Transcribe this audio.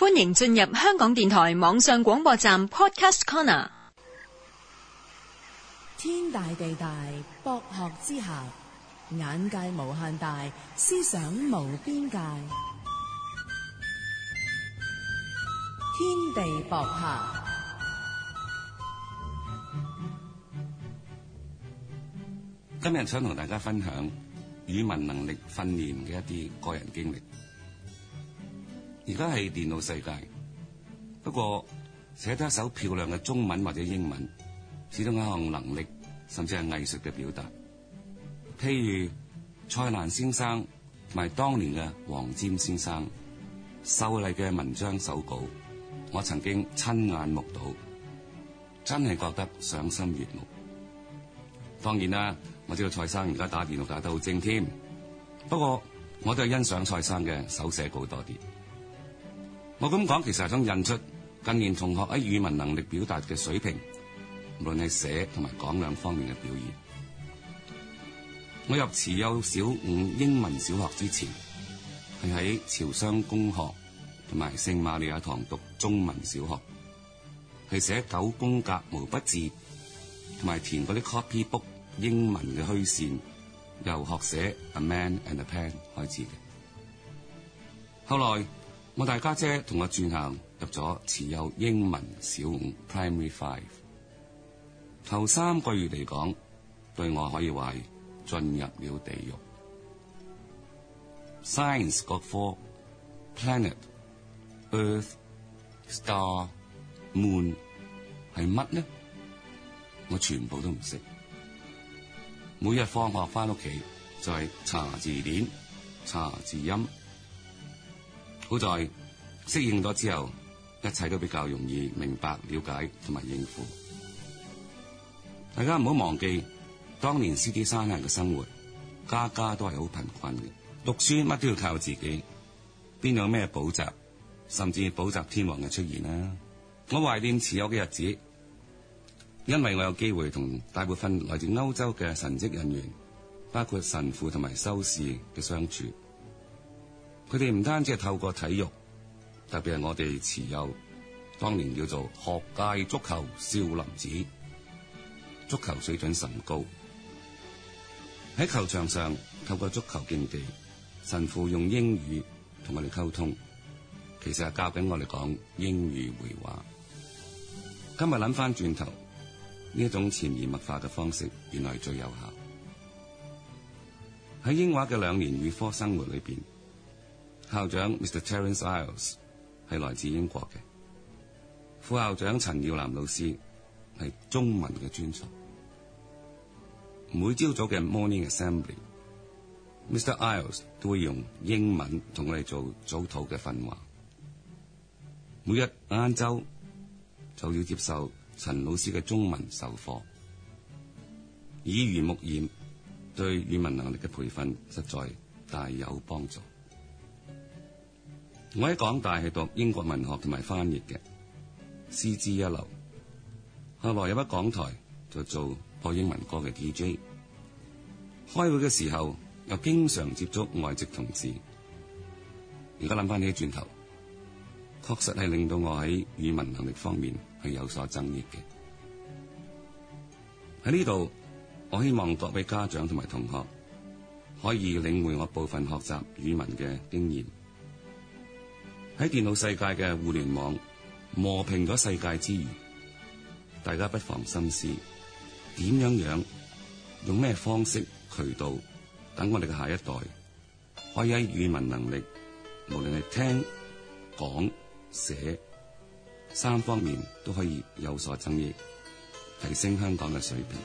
歡迎進入香港電台網上廣播站 Podcast Corner。天大地大，博學之下，眼界無限大，思想無邊界。天地博客。今日想同大家分享語文能力訓練嘅一啲個人經歷。而家係電腦世界，不過寫得一手漂亮嘅中文或者英文，始終係一項能力，甚至係藝術嘅表達。譬如蔡瀾先生同埋當年嘅黃霑先生秀麗嘅文章手稿，我曾經親眼目睹，真係覺得賞心悅目。當然啦，我知道蔡生而家打電腦打得好正添，不過我都係欣賞蔡生嘅手寫稿多啲。我咁講其實係想印出近年同學喺語文能力表達嘅水平，無論係寫同埋講兩方面嘅表現。我入慈幼小五英文小學之前，係喺潮商公學同埋聖瑪利亞堂讀中文小學，係寫九宮格毛筆字，同埋填嗰啲 copy book 英文嘅虛線，由學寫 a man and a pen 開始嘅。後來。我大家姐同我轉行入咗持有英文小五 Primary Five，頭三個月嚟講，對我可以話進入了地獄。Science 嗰科，Planet、Earth、Star、Moon 係乜呢？我全部都唔識。每日放學翻屋企就係、是、查字典、查字音。好在適應咗之後，一切都比較容易明白、了解同埋應付。大家唔好忘記，當年筲箕灣嘅生活，家家都係好貧困嘅，讀書乜都要靠自己，邊有咩補習，甚至補習天王嘅出現啦！我懷念慈幼嘅日子，因為我有機會同大部分來自歐洲嘅神職人員，包括神父同埋修士嘅相處。佢哋唔單止係透過體育，特別係我哋持有當年叫做學界足球，少林寺足球水準甚高，喺球場上透過足球競技，神父用英語同我哋溝通，其實係教緊我哋講英語回話。今日諗翻轉頭，呢一種潛移默化嘅方式，原來最有效。喺英華嘅兩年預科生活裏邊。校長 Mr. Terence Isles 係來自英國嘅，副校長陳耀南老師係中文嘅專才。每朝早嘅 Morning Assembly，Mr. Isles 都會用英文同我哋做早禱嘅訓話。每日晏晝就要接受陳老師嘅中文授課，耳濡目染，對語文能力嘅培訓實在大有幫助。我喺港大係讀英國文學同埋翻譯嘅，師資一流。後來入咗港台，就做播英文歌嘅 DJ。開會嘅時候又經常接觸外籍同事。而家諗翻起轉頭，確實係令到我喺語文能力方面係有所增益嘅。喺呢度，我希望各位家長同埋同學，可以領會我部分學習語文嘅經驗。喺電腦世界嘅互聯網磨平咗世界之餘，大家不妨深思，點樣樣用咩方式渠道等我哋嘅下一代，可以喺語文能力，無論係聽、講、寫三方面都可以有所增益，提升香港嘅水平。